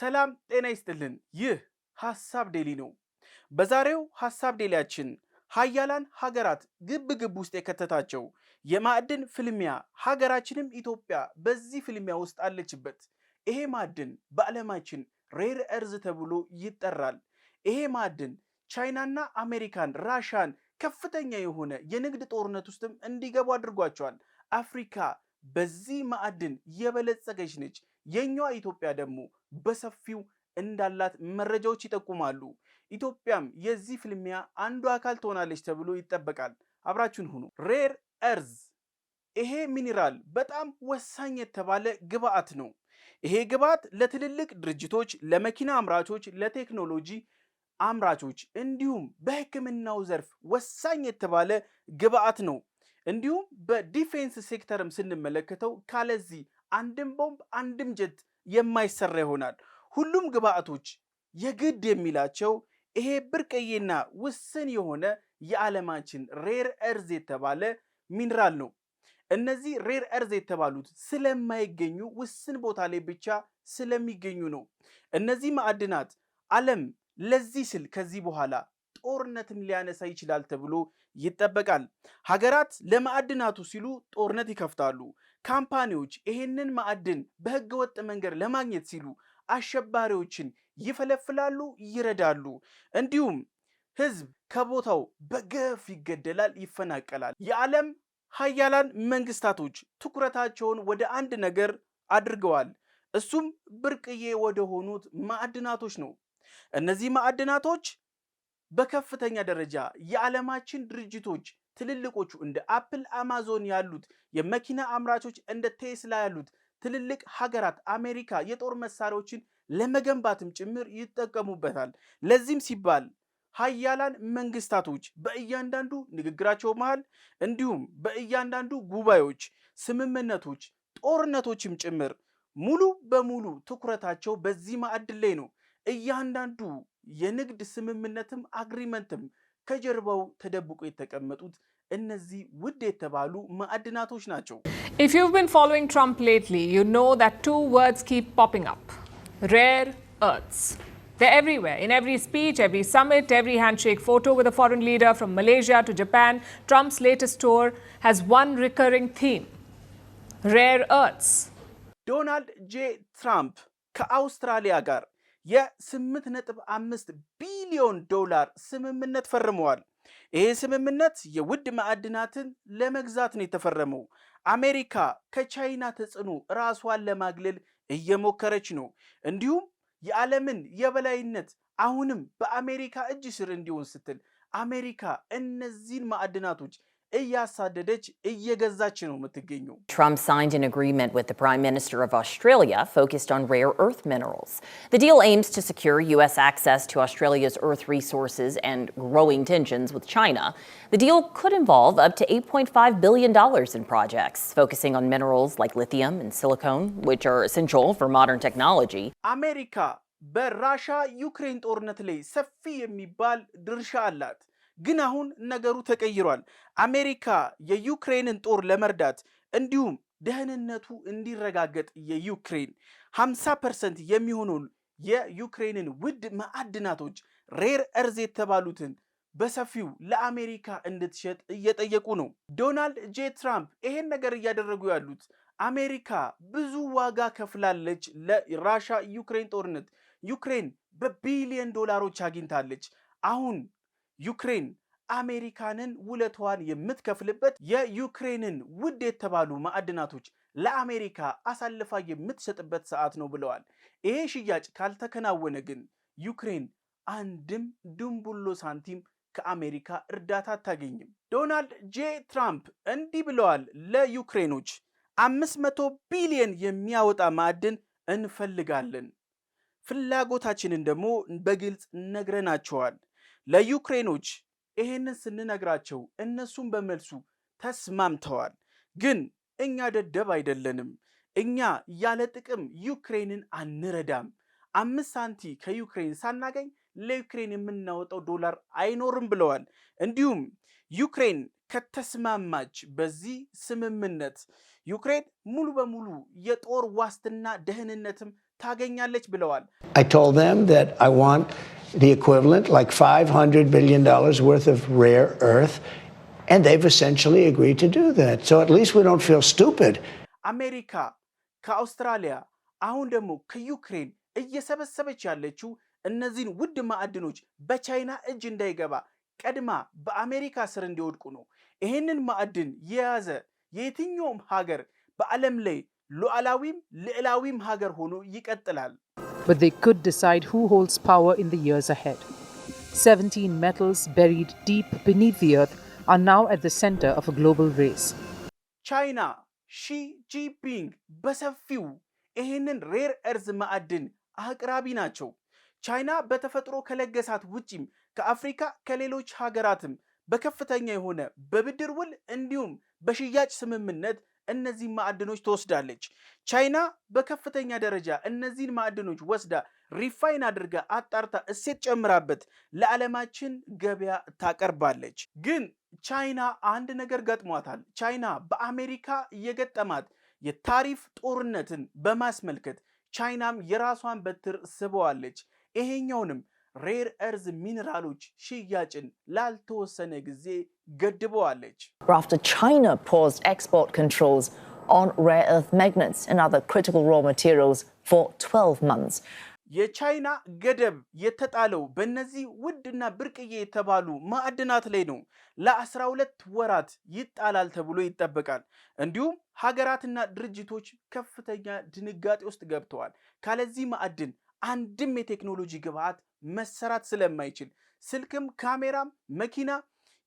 ሰላም ጤና ይስጥልን። ይህ ሀሳብ ዴሊ ነው። በዛሬው ሀሳብ ዴሊያችን ሀያላን ሀገራት ግብ ግብ ውስጥ የከተታቸው የማዕድን ፍልሚያ፣ ሀገራችንም ኢትዮጵያ በዚህ ፍልሚያ ውስጥ አለችበት። ይሄ ማዕድን በዓለማችን ሬር እርዝ ተብሎ ይጠራል። ይሄ ማዕድን ቻይናና አሜሪካን፣ ራሻን ከፍተኛ የሆነ የንግድ ጦርነት ውስጥም እንዲገቡ አድርጓቸዋል። አፍሪካ በዚህ ማዕድን የበለጸገች ነች። የኛዋ ኢትዮጵያ ደግሞ በሰፊው እንዳላት መረጃዎች ይጠቁማሉ። ኢትዮጵያም የዚህ ፍልሚያ አንዱ አካል ትሆናለች ተብሎ ይጠበቃል። አብራችን ሁኑ። ሬር እርዝ ይሄ ሚኒራል በጣም ወሳኝ የተባለ ግብአት ነው። ይሄ ግብአት ለትልልቅ ድርጅቶች፣ ለመኪና አምራቾች፣ ለቴክኖሎጂ አምራቾች እንዲሁም በሕክምናው ዘርፍ ወሳኝ የተባለ ግብአት ነው። እንዲሁም በዲፌንስ ሴክተርም ስንመለከተው ካለዚህ አንድም ቦምብ አንድም ጀት የማይሰራ ይሆናል። ሁሉም ግብአቶች የግድ የሚላቸው ይሄ ብርቅዬና ውስን የሆነ የዓለማችን ሬር እርዝ የተባለ ሚንራል ነው። እነዚህ ሬር እርዝ የተባሉት ስለማይገኙ ውስን ቦታ ላይ ብቻ ስለሚገኙ ነው። እነዚህ ማዕድናት ዓለም ለዚህ ስል ከዚህ በኋላ ጦርነትን ሊያነሳ ይችላል ተብሎ ይጠበቃል። ሀገራት ለማዕድናቱ ሲሉ ጦርነት ይከፍታሉ። ካምፓኒዎች ይሄንን ማዕድን በህገወጥ መንገድ ለማግኘት ሲሉ አሸባሪዎችን ይፈለፍላሉ፣ ይረዳሉ። እንዲሁም ህዝብ ከቦታው በገፍ ይገደላል፣ ይፈናቀላል። የዓለም ሀያላን መንግስታቶች ትኩረታቸውን ወደ አንድ ነገር አድርገዋል። እሱም ብርቅዬ ወደ ሆኑት ማዕድናቶች ነው። እነዚህ ማዕድናቶች በከፍተኛ ደረጃ የዓለማችን ድርጅቶች ትልልቆቹ እንደ አፕል፣ አማዞን ያሉት የመኪና አምራቾች እንደ ቴስላ ያሉት ትልልቅ ሀገራት አሜሪካ የጦር መሳሪያዎችን ለመገንባትም ጭምር ይጠቀሙበታል። ለዚህም ሲባል ሀያላን መንግስታቶች በእያንዳንዱ ንግግራቸው መሃል እንዲሁም በእያንዳንዱ ጉባኤዎች፣ ስምምነቶች፣ ጦርነቶችም ጭምር ሙሉ በሙሉ ትኩረታቸው በዚህ ማዕድን ላይ ነው። እያንዳንዱ የንግድ ስምምነትም አግሪመንትም ከጀርባው ተደብቆ የተቀመጡት እነዚህ ውድ የተባሉ ማዕድናቶች ናቸው። If you've been following Trump lately, you know that two words keep popping up. Rare earths. They're everywhere. In every speech, every summit, every handshake photo with a foreign leader from Malaysia to Japan, Trump's latest tour has one recurring theme. Rare earths. ዶናልድ ጄ ትራምፕ ከአውስትራሊያ ጋር የ8.5 ቢሊዮን ዶላር ስምምነት ፈርመዋል። ይሄ ስምምነት የውድ ማዕድናትን ለመግዛት ነው የተፈረመው። አሜሪካ ከቻይና ተጽዕኖ ራሷን ለማግለል እየሞከረች ነው። እንዲሁም የዓለምን የበላይነት አሁንም በአሜሪካ እጅ ስር እንዲሆን ስትል አሜሪካ እነዚህን ማዕድናቶች እያሳደደች እየገዛች ነው የምትገኘው። Trump signed an agreement with the Prime Minister of Australia focused on rare earth minerals. The deal aims to secure U.S. access to Australia's earth resources and growing tensions with China. The deal could involve up to $8.5 billion in projects focusing on minerals like lithium and silicone, which are essential for modern technology. America, በራሻ ዩክሬን ጦርነት ላይ ሰፊ የሚባል ድርሻ አላት። ግን አሁን ነገሩ ተቀይሯል። አሜሪካ የዩክሬንን ጦር ለመርዳት እንዲሁም ደህንነቱ እንዲረጋገጥ የዩክሬን 50 ፐርሰንት የሚሆነውን የዩክሬንን ውድ ማዕድናቶች ሬር እርዝ የተባሉትን በሰፊው ለአሜሪካ እንድትሸጥ እየጠየቁ ነው። ዶናልድ ጄ ትራምፕ ይሄን ነገር እያደረጉ ያሉት አሜሪካ ብዙ ዋጋ ከፍላለች ለራሻ ዩክሬን ጦርነት። ዩክሬን በቢሊየን ዶላሮች አግኝታለች። አሁን ዩክሬን አሜሪካንን ውለቷን የምትከፍልበት የዩክሬንን ውድ የተባሉ ማዕድናቶች ለአሜሪካ አሳልፋ የምትሰጥበት ሰዓት ነው ብለዋል። ይሄ ሽያጭ ካልተከናወነ ግን ዩክሬን አንድም ድንቡሎ ሳንቲም ከአሜሪካ እርዳታ አታገኝም። ዶናልድ ጄ ትራምፕ እንዲህ ብለዋል ለዩክሬኖች አምስት መቶ ቢሊየን የሚያወጣ ማዕድን እንፈልጋለን፣ ፍላጎታችንን ደግሞ በግልጽ ነግረናቸዋል። ለዩክሬኖች ይሄንን ስንነግራቸው እነሱም በመልሱ ተስማምተዋል። ግን እኛ ደደብ አይደለንም። እኛ ያለ ጥቅም ዩክሬንን አንረዳም። አምስት ሳንቲ ከዩክሬን ሳናገኝ ለዩክሬን የምናወጣው ዶላር አይኖርም ብለዋል። እንዲሁም ዩክሬን ከተስማማች በዚህ ስምምነት ዩክሬን ሙሉ በሙሉ የጦር ዋስትና ደህንነትም ታገኛለች ብለዋል። አሜሪካ ከአውስትራሊያ አሁን ደግሞ ከዩክሬን እየሰበሰበች ያለችው እነዚህን ውድ ማዕድኖች በቻይና እጅ እንዳይገባ ቀድማ በአሜሪካ ስር እንዲወድቁ ነው። ይህንን ማዕድን የያዘ የትኛውም ሀገር በዓለም ላይ ሉዓላዊም ልዕላዊም ሀገር ሆኖ ይቀጥላል። But they could decide who holds power in the years ahead. 17 metals buried deep beneath the earth are now at the center of a global race. ቻይና ሺ ጂፒንግ በሰፊው ይህንን ሬር እርዝ ማዕድን አቅራቢ ናቸው። ቻይና በተፈጥሮ ከለገሳት ውጪም ከአፍሪካ ከሌሎች ሀገራትም በከፍተኛ የሆነ በብድር ውል እንዲሁም በሽያጭ ስምምነት እነዚህን ማዕድኖች ትወስዳለች። ቻይና በከፍተኛ ደረጃ እነዚህን ማዕድኖች ወስዳ ሪፋይን አድርጋ አጣርታ እሴት ጨምራበት ለዓለማችን ገበያ ታቀርባለች። ግን ቻይና አንድ ነገር ገጥሟታል። ቻይና በአሜሪካ የገጠማት የታሪፍ ጦርነትን በማስመልከት ቻይናም የራሷን በትር ስበዋለች። ይሄኛውንም ሬር እርዝ ሚኔራሎች ሽያጭን ላልተወሰነ ጊዜ ገድበዋለች። After China paused export controls on rare earth magnets and other critical raw materials for 12 months. የቻይና ገደብ የተጣለው በእነዚህ ውድና ብርቅዬ የተባሉ ማዕድናት ላይ ነው። ለ12 ወራት ይጣላል ተብሎ ይጠበቃል። እንዲሁም ሀገራትና ድርጅቶች ከፍተኛ ድንጋጤ ውስጥ ገብተዋል። ካለዚህ ማዕድን አንድም የቴክኖሎጂ ግብዓት መሰራት ስለማይችል ስልክም፣ ካሜራም፣ መኪና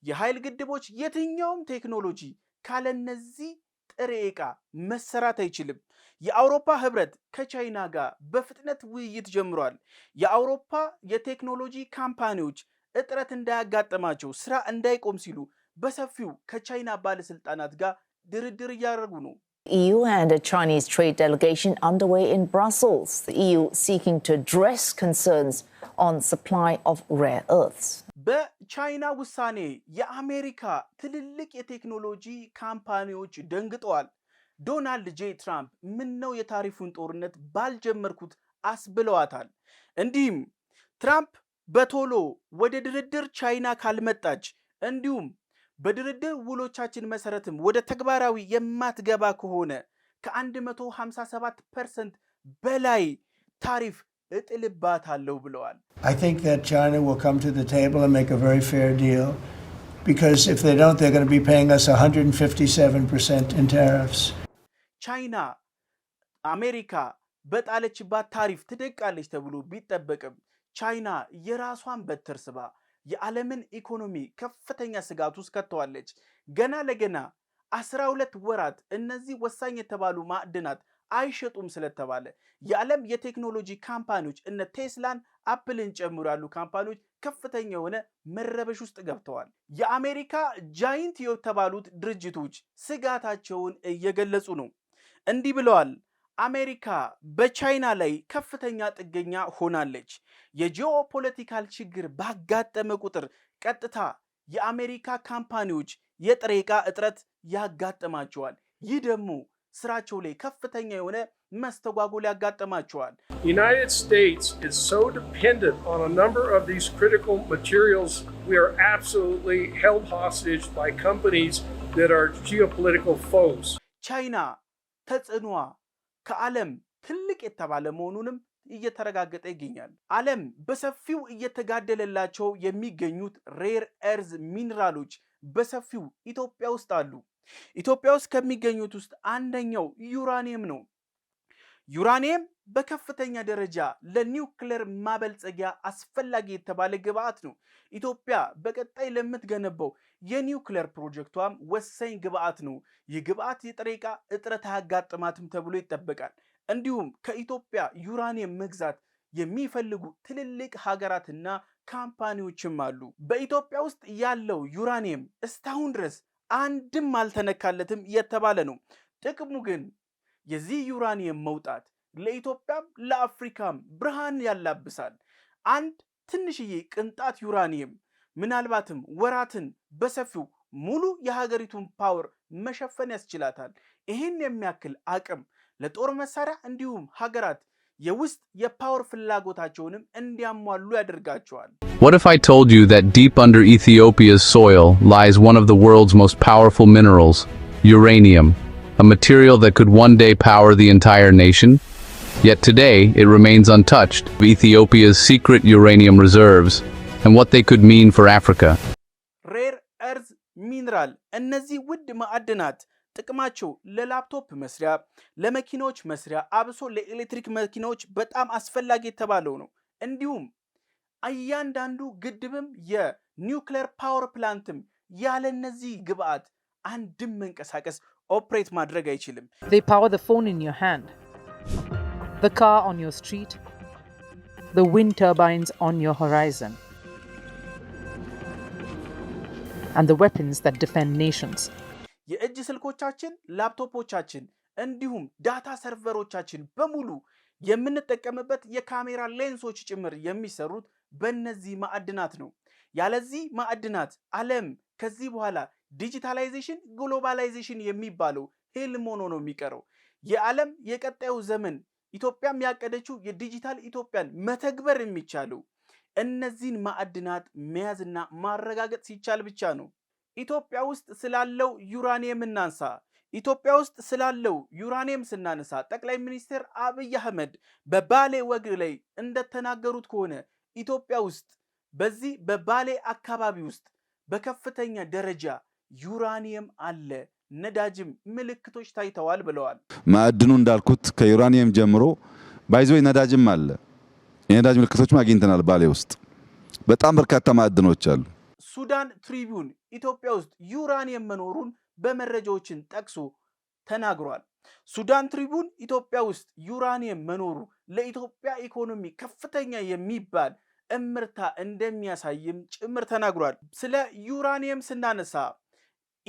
የኃይል ግድቦች፣ የትኛውም ቴክኖሎጂ ካለነዚህ ጥሬ ዕቃ መሰራት አይችልም። የአውሮፓ ህብረት ከቻይና ጋር በፍጥነት ውይይት ጀምሯል። የአውሮፓ የቴክኖሎጂ ካምፓኒዎች እጥረት እንዳያጋጥማቸው ስራ እንዳይቆም ሲሉ በሰፊው ከቻይና ባለስልጣናት ጋር ድርድር እያደረጉ ነው። EU and a Chinese trade delegation underway in Brussels. The EU seeking to address concerns on supply of rare earths. በቻይና ውሳኔ የአሜሪካ ትልልቅ የቴክኖሎጂ ካምፓኒዎች ደንግጠዋል። ዶናልድ ጄ ትራምፕ ምን ነው የታሪፉን ጦርነት ባልጀመርኩት አስብለዋታል። እንዲሁም ትራምፕ በቶሎ ወደ ድርድር ቻይና ካልመጣች እንዲሁም በድርድር ውሎቻችን መሰረትም ወደ ተግባራዊ የማትገባ ከሆነ ከ157 ፐርሰንት በላይ ታሪፍ እጥልባታለሁ ብለዋል። ቻይና አሜሪካ በጣለችባት ታሪፍ ትደቃለች ተብሎ ቢጠበቅም ቻይና የራሷን በትር ስባ የዓለምን ኢኮኖሚ ከፍተኛ ስጋት ውስጥ ከተዋለች። ገና ለገና አስራ ሁለት ወራት እነዚህ ወሳኝ የተባሉ ማዕድናት አይሸጡም ስለተባለ የዓለም የቴክኖሎጂ ካምፓኒዎች እነ ቴስላን አፕልን ጨምሮ ያሉ ካምፓኒዎች ከፍተኛ የሆነ መረበሽ ውስጥ ገብተዋል። የአሜሪካ ጃይንት የተባሉት ድርጅቶች ስጋታቸውን እየገለጹ ነው። እንዲህ ብለዋል። አሜሪካ በቻይና ላይ ከፍተኛ ጥገኛ ሆናለች። የጂኦፖለቲካል ችግር ባጋጠመ ቁጥር ቀጥታ የአሜሪካ ካምፓኒዎች የጥሬ ዕቃ እጥረት ያጋጥማቸዋል። ይህ ደግሞ ስራቸው ላይ ከፍተኛ የሆነ መስተጓጎል ያጋጠማቸዋል። ዩናይትድ ስቴትስ ኢዝ ሶ ዲፔንደንት ኦን አ ነምበር ኦፍ these ክሪቲካል ማቴሪያልስ ዊ አር አብሶሉትሊ ሄልድ ሆስቴጅ ባይ ካምፓኒስ that አር ጂኦፖለቲካል foes ቻይና ተጽዕኗ ከዓለም ትልቅ የተባለ መሆኑንም እየተረጋገጠ ይገኛል። ዓለም በሰፊው እየተጋደለላቸው የሚገኙት ሬር ኤርዝ ሚኒራሎች በሰፊው ኢትዮጵያ ውስጥ አሉ። ኢትዮጵያ ውስጥ ከሚገኙት ውስጥ አንደኛው ዩራኒየም ነው። ዩራኒየም በከፍተኛ ደረጃ ለኒውክሌር ማበልጸጊያ አስፈላጊ የተባለ ግብአት ነው። ኢትዮጵያ በቀጣይ ለምትገነባው የኒውክሌር ፕሮጀክቷም ወሳኝ ግብአት ነው። ይህ ግብአት የጥሬ ዕቃ እጥረት አያጋጥማትም ተብሎ ይጠበቃል። እንዲሁም ከኢትዮጵያ ዩራኒየም መግዛት የሚፈልጉ ትልልቅ ሀገራትና ካምፓኒዎችም አሉ። በኢትዮጵያ ውስጥ ያለው ዩራኒየም እስካሁን ድረስ አንድም አልተነካለትም እየተባለ ነው። ጥቅሙ ግን የዚህ ዩራኒየም መውጣት ለኢትዮጵያም ለአፍሪካም ብርሃን ያላብሳል። አንድ ትንሽዬ ቅንጣት ዩራኒየም ምናልባትም ወራትን በሰፊው ሙሉ የሀገሪቱን ፓወር መሸፈን ያስችላታል። ይህን የሚያክል አቅም ለጦር መሳሪያ እንዲሁም ሀገራት የውስጥ የፓወር ፍላጎታቸውንም እንዲያሟሉ ያደርጋቸዋል። What if I told you that deep under Ethiopia's soil lies one of the world's most powerful minerals, uranium, a material that could one day power the entire nation? Yet today, it remains untouched, Ethiopia's secret uranium reserves, and what they could mean for Africa. ውድ መስሪያ፣ አብሶ ለኤሌክትሪክ በጣም አስፈላጊ ነው። እንዲሁም እያንዳንዱ ግድብም የኒውክሌር ፓወር ፕላንትም ያለ እነዚህ ግብአት አንድም መንቀሳቀስ ኦፕሬት ማድረግ አይችልም። They power the phone in your hand, the car on your street, the wind turbines on your horizon, and the weapons that defend nations. የእጅ ስልኮቻችን፣ ላፕቶፖቻችን እንዲሁም ዳታ ሰርቨሮቻችን በሙሉ የምንጠቀምበት የካሜራ ሌንሶች ጭምር የሚሰሩት በእነዚህ ማዕድናት ነው። ያለዚህ ማዕድናት ዓለም ከዚህ በኋላ ዲጂታላይዜሽን፣ ግሎባላይዜሽን የሚባለው ህልም ሆኖ ነው የሚቀረው። የዓለም የቀጣዩ ዘመን ኢትዮጵያም ያቀደችው የዲጂታል ኢትዮጵያን መተግበር የሚቻለው እነዚህን ማዕድናት መያዝና ማረጋገጥ ሲቻል ብቻ ነው። ኢትዮጵያ ውስጥ ስላለው ዩራኒየም እናንሳ። ኢትዮጵያ ውስጥ ስላለው ዩራኒየም ስናነሳ ጠቅላይ ሚኒስትር አብይ አህመድ በባሌ ወግ ላይ እንደተናገሩት ከሆነ ኢትዮጵያ ውስጥ በዚህ በባሌ አካባቢ ውስጥ በከፍተኛ ደረጃ ዩራኒየም አለ፣ ነዳጅም ምልክቶች ታይተዋል ብለዋል። ማዕድኑ እንዳልኩት ከዩራኒየም ጀምሮ ባይዞ ነዳጅም አለ። የነዳጅ ምልክቶችም አግኝተናል። ባሌ ውስጥ በጣም በርካታ ማዕድኖች አሉ። ሱዳን ትሪቢዩን ኢትዮጵያ ውስጥ ዩራኒየም መኖሩን በመረጃዎችን ጠቅሶ ተናግሯል። ሱዳን ትሪቡን ኢትዮጵያ ውስጥ ዩራኒየም መኖሩ ለኢትዮጵያ ኢኮኖሚ ከፍተኛ የሚባል እምርታ እንደሚያሳይም ጭምር ተናግሯል። ስለ ዩራኒየም ስናነሳ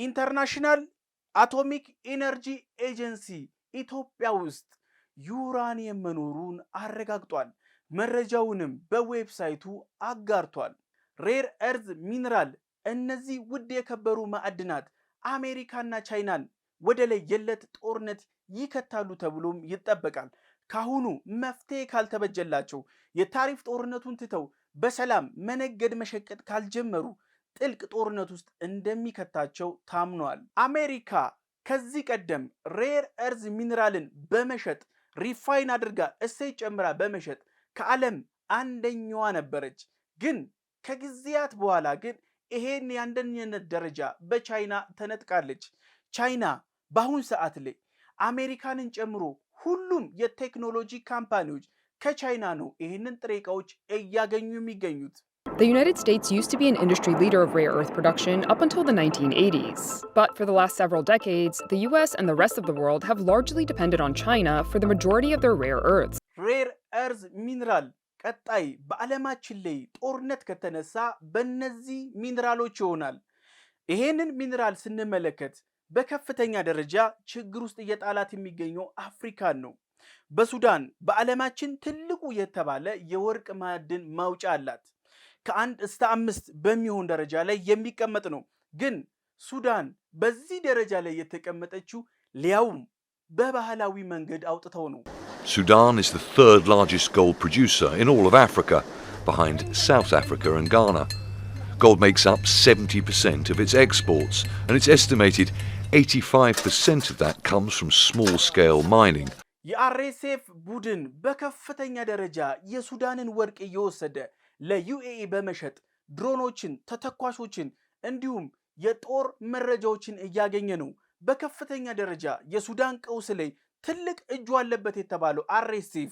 ኢንተርናሽናል አቶሚክ ኢነርጂ ኤጀንሲ ኢትዮጵያ ውስጥ ዩራኒየም መኖሩን አረጋግጧል። መረጃውንም በዌብሳይቱ አጋርቷል። ሬር እርዝ ሚኒራል፣ እነዚህ ውድ የከበሩ ማዕድናት አሜሪካና ቻይናን ወደ ለየለት ጦርነት ይከታሉ ተብሎም ይጠበቃል። ካሁኑ መፍትሄ ካልተበጀላቸው የታሪፍ ጦርነቱን ትተው በሰላም መነገድ መሸቀጥ ካልጀመሩ ጥልቅ ጦርነት ውስጥ እንደሚከታቸው ታምኗል። አሜሪካ ከዚህ ቀደም ሬር እርዝ ሚኔራልን በመሸጥ ሪፋይን አድርጋ እሴት ጨምራ በመሸጥ ከዓለም አንደኛዋ ነበረች። ግን ከጊዜያት በኋላ ግን ይሄን የአንደኝነት ደረጃ በቻይና ተነጥቃለች። ቻይና በአሁን ሰዓት ላይ አሜሪካንን ጨምሮ ሁሉም የቴክኖሎጂ ካምፓኒዎች ከቻይና ነው ይህንን ጥሬ ዕቃዎች እያገኙ የሚገኙት። The United States used to be an industry leader of rare earth production up until the 1980s. But for the last several decades, the US and the rest of the world have largely depended on China for the majority of their rare earths. ሬር እርዝ ሚኒራል ቀጣይ በዓለማችን ላይ ጦርነት ከተነሳ በእነዚህ ሚኒራሎች ይሆናል። ይሄንን ሚኒራል ስንመለከት በከፍተኛ ደረጃ ችግር ውስጥ እየጣላት የሚገኘው አፍሪካን ነው። በሱዳን በዓለማችን ትልቁ የተባለ የወርቅ ማዕድን ማውጫ አላት። ከአንድ እስከ አምስት በሚሆን ደረጃ ላይ የሚቀመጥ ነው። ግን ሱዳን በዚህ ደረጃ ላይ የተቀመጠችው ሊያውም በባህላዊ መንገድ አውጥተው ነው። ሱዳን is the third largest gold producer in all of Africa, behind South Africa and Ghana. Gold makes up 70% of its exports, and it's estimated 85% of that comes from small scale mining. የአርኤስኤፍ ቡድን በከፍተኛ ደረጃ የሱዳንን ወርቅ እየወሰደ ለዩኤኢ በመሸጥ ድሮኖችን፣ ተተኳሾችን እንዲሁም የጦር መረጃዎችን እያገኘ ነው። በከፍተኛ ደረጃ የሱዳን ቀውስ ላይ ትልቅ እጁ አለበት የተባለው አርኤስኤፍ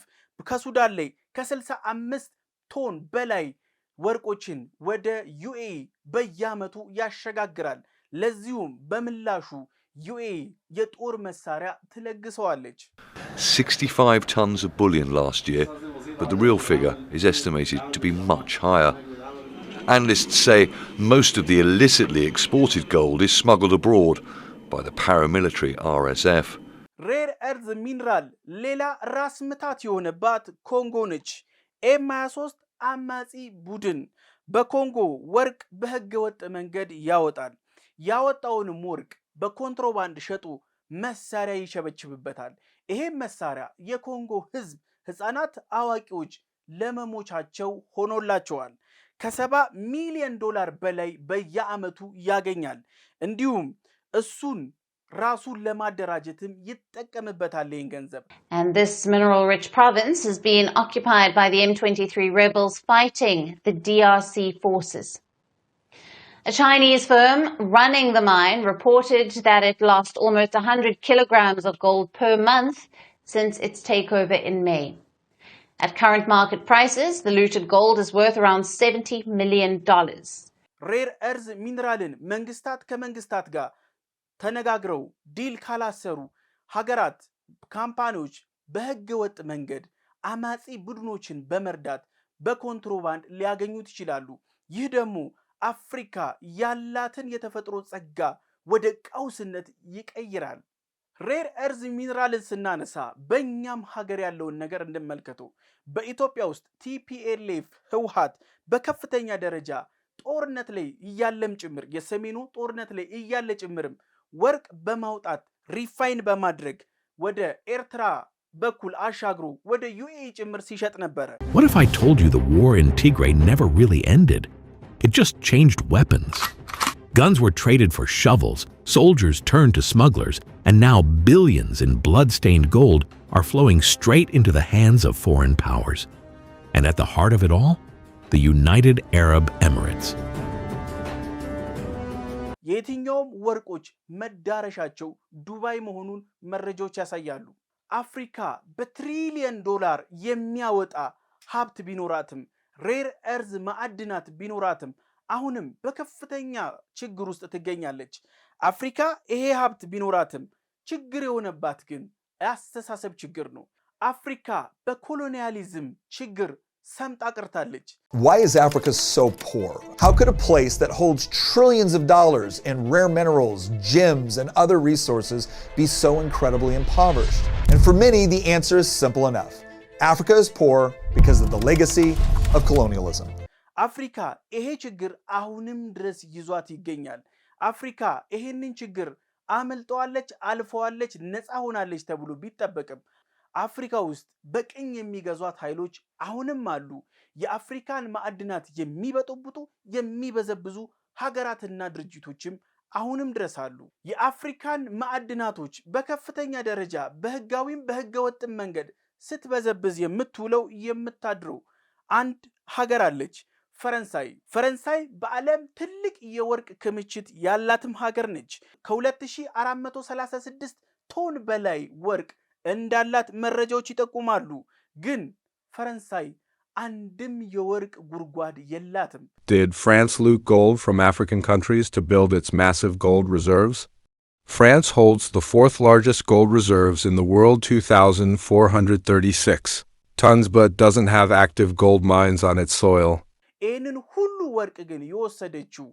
ከሱዳን ላይ ከ65 ቶን በላይ ወርቆችን ወደ ዩኤኢ በየዓመቱ ያሸጋግራል። ለዚሁም በምላሹ ዩኤ የጦር መሳሪያ ትለግሰዋለች። 65 tons of bullion last year, but the real figure is estimated to be much higher. Analysts say most of the illicitly exported gold is smuggled abroad by the paramilitary RSF. ሬር ኤርዝ ሚኒራል ሌላ ራስ ምታት የሆነባት ኮንጎ ነች። ኤም 23 አማጺ ቡድን በኮንጎ ወርቅ በህገ ወጥ መንገድ ያወጣል። ያወጣውንም ወርቅ በኮንትሮባንድ ሸጡ መሳሪያ ይሸበችብበታል። ይሄም መሳሪያ የኮንጎ ህዝብ ህፃናት፣ አዋቂዎች ለመሞቻቸው ሆኖላቸዋል። ከሰባ ሚሊዮን ዶላር በላይ በየአመቱ ያገኛል። እንዲሁም እሱን ራሱን ለማደራጀትም ይጠቀምበታል ይህን ገንዘብ። And this mineral rich province is being occupied by the M23 rebels fighting the DRC forces. A Chinese firm running the mine reported that it lost almost 100 kilograms of gold per month since its takeover in May. At current market prices, the looted gold is worth around 70 million dollars. ሬር እርዝ መንግስታት ከመንግስታት ጋር ተነጋግረው ዲል ካላሰሩ ሀገራት ካምፓኒዎች በህገ ወጥ መንገድ አማጺ ቡድኖችን በመርዳት በኮንትሮባንድ ሊያገኙት ይችላሉ። ይህ ደግሞ አፍሪካ ያላትን የተፈጥሮ ጸጋ ወደ ቀውስነት ይቀይራል። ሬር እርዝ ሚኒራልን ስናነሳ በእኛም ሀገር ያለውን ነገር እንመልከቱ። በኢትዮጵያ ውስጥ ቲፒኤልኤፍ ህውሃት በከፍተኛ ደረጃ ጦርነት ላይ እያለም ጭምር የሰሜኑ ጦርነት ላይ እያለ ጭምርም ወርቅ በማውጣት ሪፋይን በማድረግ ወደ ኤርትራ በኩል አሻግሮ ወደ ዩኤኢ ጭምር ሲሸጥ ነበረ። What if I told you the war in Tigray never really ended? It just changed weapons. Guns were traded for shovels, soldiers turned to smugglers, and now billions in blood-stained gold are flowing straight into the hands of foreign powers. And at the heart of it all, the United Arab Emirates. የየትኛውም ወርቆች መዳረሻቸው ዱባይ መሆኑን መረጃዎች ያሳያሉ። አፍሪካ በትሪሊየን ዶላር የሚያወጣ ሀብት ቢኖራትም ሬር ማዕድናት ቢኖራትም አሁንም በከፍተኛ ችግር ውስጥ ትገኛለች። አፍሪካ ይሄ ሀብት ቢኖራትም ችግር የሆነባት ግን የአስተሳሰብ ችግር ነው። አፍሪካ በኮሎኒያሊዝም ችግር ሰምጣ ቀርታለች። Why is Africa so poor? How could a place that holds trillions of dollars in rare minerals, gems, and other resources be so incredibly impoverished? And for many, the answer is simple enough. አፍሪካ is poor because of the legacy of colonialism. አፍሪካ ይሄ ችግር አሁንም ድረስ ይዟት ይገኛል። አፍሪካ ይሄንን ችግር አመልጠዋለች፣ አልፈዋለች፣ ነፃ ሆናለች ተብሎ ቢጠበቅም አፍሪካ ውስጥ በቅኝ የሚገዟት ኃይሎች አሁንም አሉ። የአፍሪካን ማዕድናት የሚበጠብጡ የሚበዘብዙ ሀገራትና ድርጅቶችም አሁንም ድረስ አሉ። የአፍሪካን ማዕድናቶች በከፍተኛ ደረጃ በህጋዊም በህገወጥም መንገድ ስትበዘብዝ የምትውለው የምታድረው አንድ ሀገር አለች፣ ፈረንሳይ። ፈረንሳይ በዓለም ትልቅ የወርቅ ክምችት ያላትም ሀገር ነች። ከ2436 ቶን በላይ ወርቅ እንዳላት መረጃዎች ይጠቁማሉ። ግን ፈረንሳይ አንድም የወርቅ ጉድጓድ የላትም። Did France loot gold from African countries to build its massive gold reserves? France holds the fourth largest gold reserves in the world 2,436 tons but doesn't have active gold mines on its soil. ይህንን ሁሉ ወርቅ ግን የወሰደችው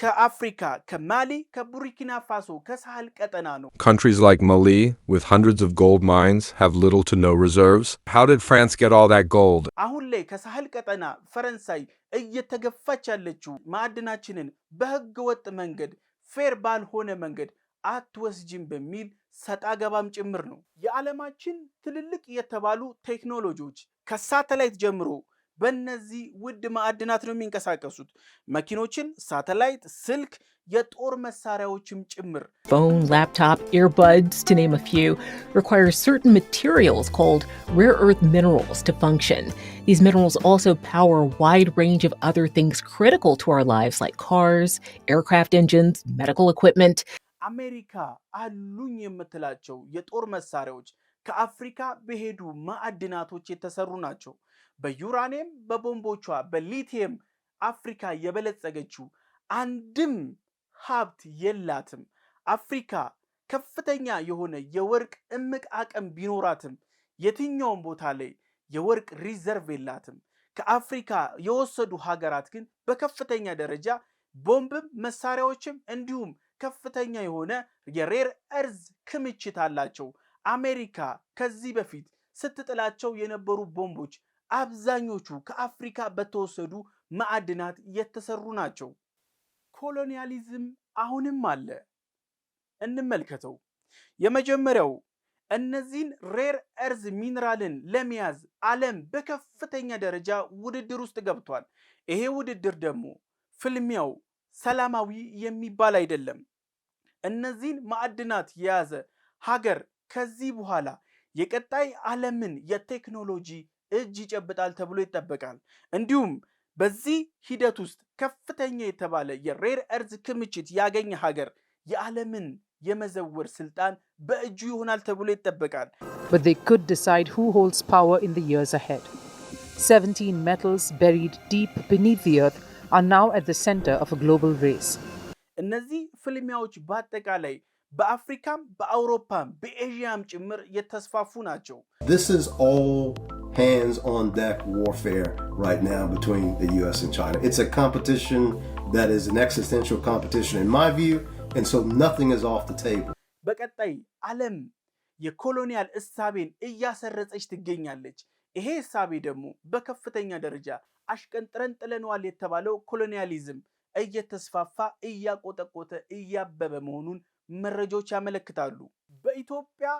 ከአፍሪካ ከማሊ ከቡርኪና ፋሶ ከሳህል ቀጠና ነው። Countries like Mali with hundreds of gold mines have little to no reserves. How did France get all that gold? አሁን ላይ ከሳህል ቀጠና ፈረንሳይ እየተገፋች ያለችው ማዕድናችንን በህገ ወጥ መንገድ ፌር ባልሆነ መንገድ አትወስጅም በሚል ሰጣ ገባም ጭምር ነው። የዓለማችን ትልልቅ የተባሉ ቴክኖሎጂዎች ከሳተላይት ጀምሮ በእነዚህ ውድ ማዕድናት ነው የሚንቀሳቀሱት። መኪኖችን፣ ሳተላይት፣ ስልክ፣ የጦር መሳሪያዎችም ጭምር ፎን፣ ላፕቶፕ፣ ኤርባድስ to name a few require certain materials called rare earth minerals to function. These minerals also power a wide range of other things critical to our lives like cars, aircraft engines, medical equipment. አሜሪካ አሉኝ የምትላቸው የጦር መሳሪያዎች ከአፍሪካ በሄዱ ማዕድናቶች የተሰሩ ናቸው። በዩራኒየም፣ በቦምቦቿ፣ በሊቲየም አፍሪካ የበለጸገችው አንድም ሀብት የላትም። አፍሪካ ከፍተኛ የሆነ የወርቅ እምቅ አቅም ቢኖራትም የትኛውም ቦታ ላይ የወርቅ ሪዘርቭ የላትም። ከአፍሪካ የወሰዱ ሀገራት ግን በከፍተኛ ደረጃ ቦምብም መሳሪያዎችም እንዲሁም ከፍተኛ የሆነ የሬር እርዝ ክምችት አላቸው። አሜሪካ ከዚህ በፊት ስትጥላቸው የነበሩ ቦምቦች አብዛኞቹ ከአፍሪካ በተወሰዱ ማዕድናት የተሰሩ ናቸው። ኮሎኒያሊዝም አሁንም አለ፣ እንመልከተው። የመጀመሪያው እነዚህን ሬር እርዝ ሚነራልን ለመያዝ ዓለም በከፍተኛ ደረጃ ውድድር ውስጥ ገብቷል። ይሄ ውድድር ደግሞ ፍልሚያው ሰላማዊ የሚባል አይደለም። እነዚህን ማዕድናት የያዘ ሀገር ከዚህ በኋላ የቀጣይ ዓለምን የቴክኖሎጂ እጅ ይጨብጣል ተብሎ ይጠበቃል። እንዲሁም በዚህ ሂደት ውስጥ ከፍተኛ የተባለ የሬር እርዝ ክምችት ያገኘ ሀገር የዓለምን የመዘወር ስልጣን በእጁ ይሆናል ተብሎ ይጠበቃል። But they could decide who holds power in the years ahead. 17 metals buried deep beneath the earth are now at the center of a global race. This is all hands on deck warfare right now between the US and China. It's a competition that is an existential competition in my view and so nothing is off the table. የኮሎኒያል እሳቤን እያሰረጸች ትገኛለች። ይሄ እሳቤ ደግሞ በከፍተኛ ደረጃ አሽቀንጥረን ጥለነዋል የተባለው ኮሎኒያሊዝም እየተስፋፋ እያቆጠቆጠ እያበበ መሆኑን መረጃዎች ያመለክታሉ። በኢትዮጵያ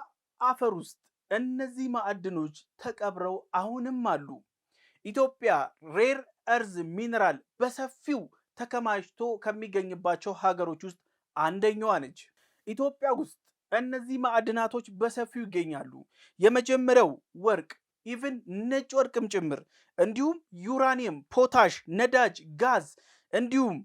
አፈር ውስጥ እነዚህ ማዕድኖች ተቀብረው አሁንም አሉ። ኢትዮጵያ ሬር እርዝ ሚነራል በሰፊው ተከማችቶ ከሚገኝባቸው ሀገሮች ውስጥ አንደኛዋ ነች። ኢትዮጵያ ውስጥ እነዚህ ማዕድናቶች በሰፊው ይገኛሉ። የመጀመሪያው ወርቅ ኢቭን ነጭ ወርቅም ጭምር እንዲሁም ዩራኒየም፣ ፖታሽ፣ ነዳጅ፣ ጋዝ እንዲሁም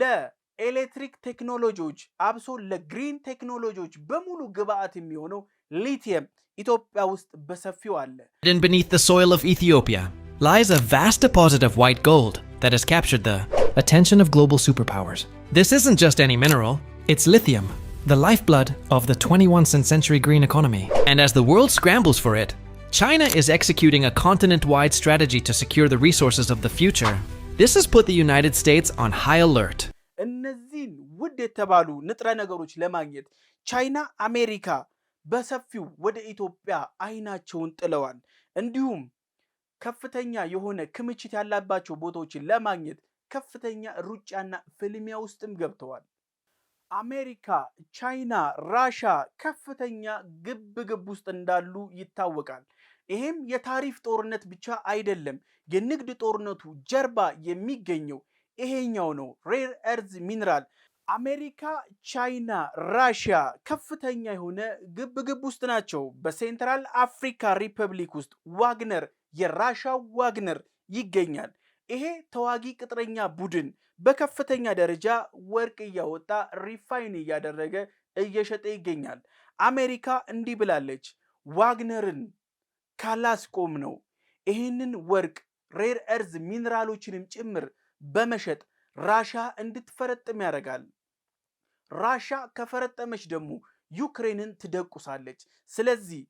ለኤሌክትሪክ ቴክኖሎጂዎች አብሶ ለግሪን ቴክኖሎጂዎች በሙሉ ግብአት የሚሆነው ሊቲየም ኢትዮጵያ ውስጥ በሰፊው አለ። Hidden beneath the soil of Ethiopia lies a vast deposit of white gold that has captured the attention of global superpowers. This isn't just any mineral, it's lithium, the lifeblood of the 21st century green economy. And as the world scrambles for it, China is executing a continent wide strategy to secure the resources of the future. This has put the United States on high alert. እነዚህን ውድ የተባሉ ንጥረ ነገሮች ለማግኘት ቻይና፣ አሜሪካ በሰፊው ወደ ኢትዮጵያ አይናቸውን ጥለዋል። እንዲሁም ከፍተኛ የሆነ ክምችት ያላባቸው ቦታዎችን ለማግኘት ከፍተኛ ሩጫና ፍልሚያ ውስጥም ገብተዋል። አሜሪካ፣ ቻይና፣ ራሻ ከፍተኛ ግብ ግብ ውስጥ እንዳሉ ይታወቃል። ይሄም የታሪፍ ጦርነት ብቻ አይደለም። የንግድ ጦርነቱ ጀርባ የሚገኘው ይሄኛው ነው፣ ሬር ኤርዝ ሚኒራል። አሜሪካ፣ ቻይና፣ ራሽያ ከፍተኛ የሆነ ግብግብ ውስጥ ናቸው። በሴንትራል አፍሪካ ሪፐብሊክ ውስጥ ዋግነር የራሻ ዋግነር ይገኛል። ይሄ ተዋጊ ቅጥረኛ ቡድን በከፍተኛ ደረጃ ወርቅ እያወጣ ሪፋይን እያደረገ እየሸጠ ይገኛል። አሜሪካ እንዲህ ብላለች፣ ዋግነርን ካላስቆም ነው። ይህንን ወርቅ ሬር እርዝ ሚነራሎችንም ጭምር በመሸጥ ራሻ እንድትፈረጥም ያደርጋል። ራሻ ከፈረጠመች ደግሞ ዩክሬንን ትደቁሳለች። ስለዚህ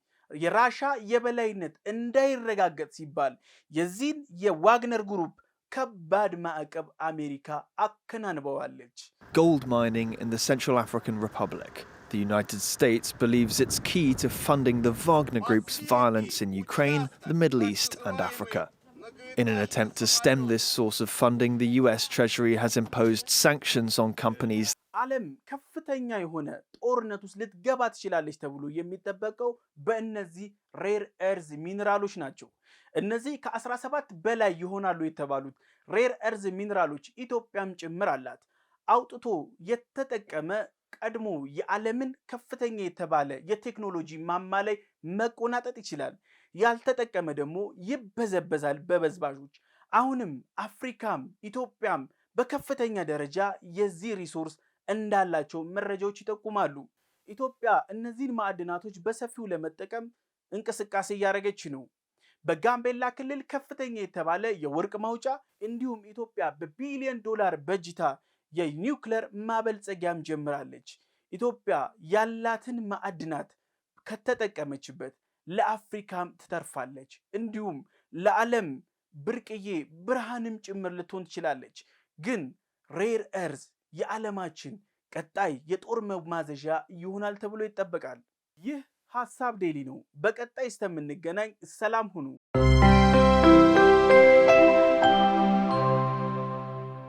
የራሻ የበላይነት እንዳይረጋገጥ ሲባል የዚህን የዋግነር ግሩፕ ከባድ ማዕቀብ አሜሪካ አከናንበዋለች። ጎልድ ማይኒንግ ኢን ዘ ሴንትራል አፍሪካን ሪፐብሊክ The United States believes it's key to funding the Wagner Group's violence in Ukraine, the Middle East, and Africa. In an attempt to stem this source of funding, the US Treasury has imposed sanctions on companies ዓለም ከፍተኛ የሆነ ጦርነት ውስጥ ልትገባ ትችላለች ተብሎ የሚጠበቀው በእነዚህ ሬር ኤርዝ ናቸው። እነዚህ ከ17 በላይ ይሆናሉ የተባሉት ሬር ኤርዝ ኢትዮጵያም ጭምር አላት። አውጥቶ የተጠቀመ ቀድሞ የዓለምን ከፍተኛ የተባለ የቴክኖሎጂ ማማ ላይ መቆናጠጥ ይችላል። ያልተጠቀመ ደግሞ ይበዘበዛል በበዝባዦች። አሁንም አፍሪካም ኢትዮጵያም በከፍተኛ ደረጃ የዚህ ሪሶርስ እንዳላቸው መረጃዎች ይጠቁማሉ። ኢትዮጵያ እነዚህን ማዕድናቶች በሰፊው ለመጠቀም እንቅስቃሴ እያደረገች ነው። በጋምቤላ ክልል ከፍተኛ የተባለ የወርቅ ማውጫ እንዲሁም ኢትዮጵያ በቢሊዮን ዶላር በጅታ የኒውክለር ማበልጸጊያም ጀምራለች። ኢትዮጵያ ያላትን ማዕድናት ከተጠቀመችበት ለአፍሪካም ትተርፋለች፣ እንዲሁም ለዓለም ብርቅዬ ብርሃንም ጭምር ልትሆን ትችላለች። ግን ሬር እርዝ የዓለማችን ቀጣይ የጦር መማዘዣ ይሆናል ተብሎ ይጠበቃል። ይህ ሀሳብ ዴሊ ነው። በቀጣይ እስከምንገናኝ ሰላም ሁኑ።